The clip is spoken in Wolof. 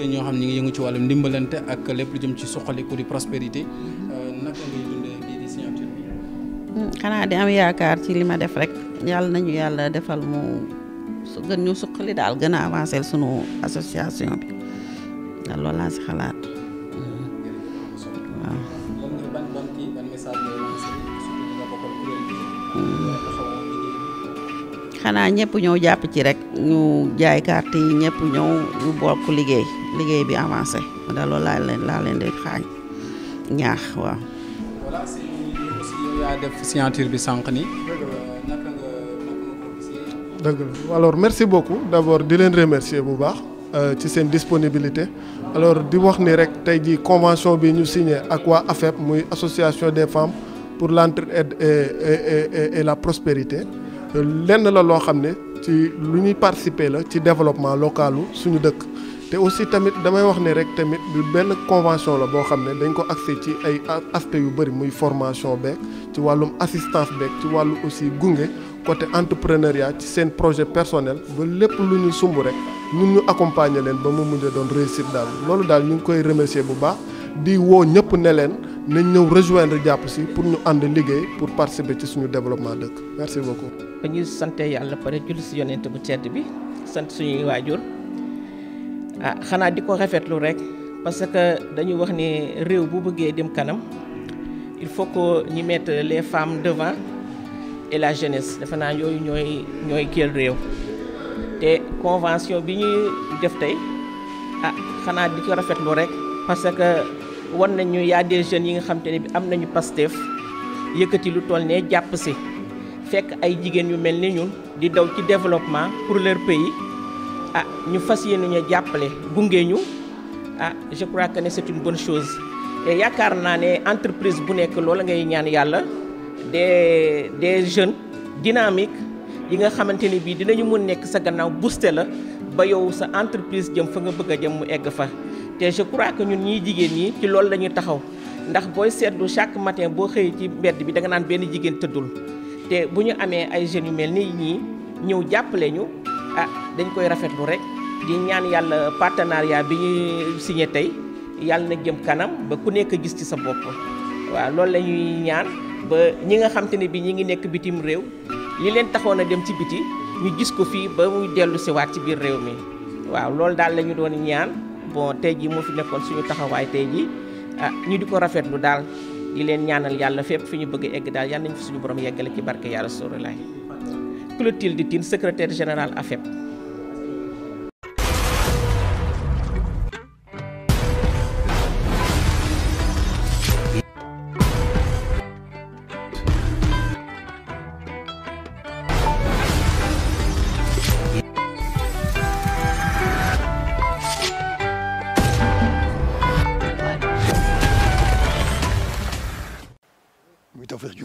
jigéen ñoo xam ne ñu ngi yëngu ci wàllum ndimbalante ak lépp lu jëm ci suqaliku di prospérité euh, naka ngay hmm, xanaa di am yaakaar ci li ma def rek yàlla nañu yàlla defal mu su gën ñu suqali daal gën a avancer sunu association bi daal loolu laa si xalaat. Hmm. Hmm. xanaa ñëpp ñëw jàpp ci rek ñu jaay carte yi ñëw bokk liggéey liggéey bi avancé ma daal loolu laa leen laa leen di xaañ ñaax waaw. voilà bi sànq ni euh, naka nga naka nga dëgg merci beaucoup d' abord di leen remercier bu baax euh, ci seen disponibilité alors di wax ni rek tey jii convention bi ñu signé ak waa AFEP muy association des femmes pour l' entraide et la prospérité euh, lenn la loo xam ne ci lu ñuy participer la ci développement localu suñu dëkk. te aussi tamit damay wax ne rek tamit bi benn convention la boo xam ne dañ ko accès ci ay aspects yu bëri muy formation beeg ci wàllum assistance beeg ci wàllu aussi gunge côté entrepreneuriat ci seen projet personnel ba lépp lu ñu sumb rek ñun ñu accompagner leen ba mu mujj doon réussir daal loolu daal ñu ngi koy remercier bu baax di woo ñëpp ne leen nañ ñëw rejoindre jàpp si pour ñu ànd liggéey pour participer ci suñu développement dëkk merci beaucoup. ba ñuy sant yàlla pare si yonent bu tedd bi sant suñuy waajur. ah xanaa di ko rafetlu rek parce que dañu wax ni réew bu bëggee dem kanam il faut que ñi mettre les femmes devant et la jeunesse defe naa yooyu ñooy ñooy kéel réew te convention bi ñuy def tey ah xanaa di ko rafetlu rek parce que wan nañu yaa des jeunes yi nga xam te ne bi am nañu Pastef yëkkati lu tool ne jàpp si fekk ay jigéen yu mel ni ñun di daw ci développement pour leur pays a ah, ñu fas yéene ñu jàppale gunge ñu ah je crois que ne c'est bon bonne chose te yaakaar naa ne entreprise bu nekk loola ngay ñaan yàlla des des jeunes dynamiques yi nga xamante ni bii dinañu mën nekk sa gannaaw booster la ba yow sa entreprise jëm fa nga bëgg a jëm mu egg fa. te je crois que ñun ñii jigéen ñi ci loolu lañuy taxaw ndax booy seetlu chaque matin boo xëyee ci mbedd bi danga naan benn jigéen tëddul te bu ñu amee ay jeunes yu mel nii ñii ñëw jàppale ñu. ah dañ koy rafetlu rek di ñaan yàlla partenariat bi ñu signé tey yàlla na jëm kanam ba ku nekk gis ci sa bopp waaw loolu la ñuy ñaan ba ñi nga xam te ne bi ñi ngi nekk bitim réew li leen taxoon a dem ci biti ñu gis ko fii ba muy dellu waat ci biir réew mi waaw loolu daal la ñu doon ñaan bon tey ji moo fi nekkoon suñu taxawaay tey ji ah ñu di ko rafetlu daal di leen ñaanal yàlla fépp fi ñu bëgg egg daal yàlla nañu fi suñu borom yeggale ci barke yaa Rasuulullaah Clotilde Ditine secrétaire général AFEP muy Tawfekh ju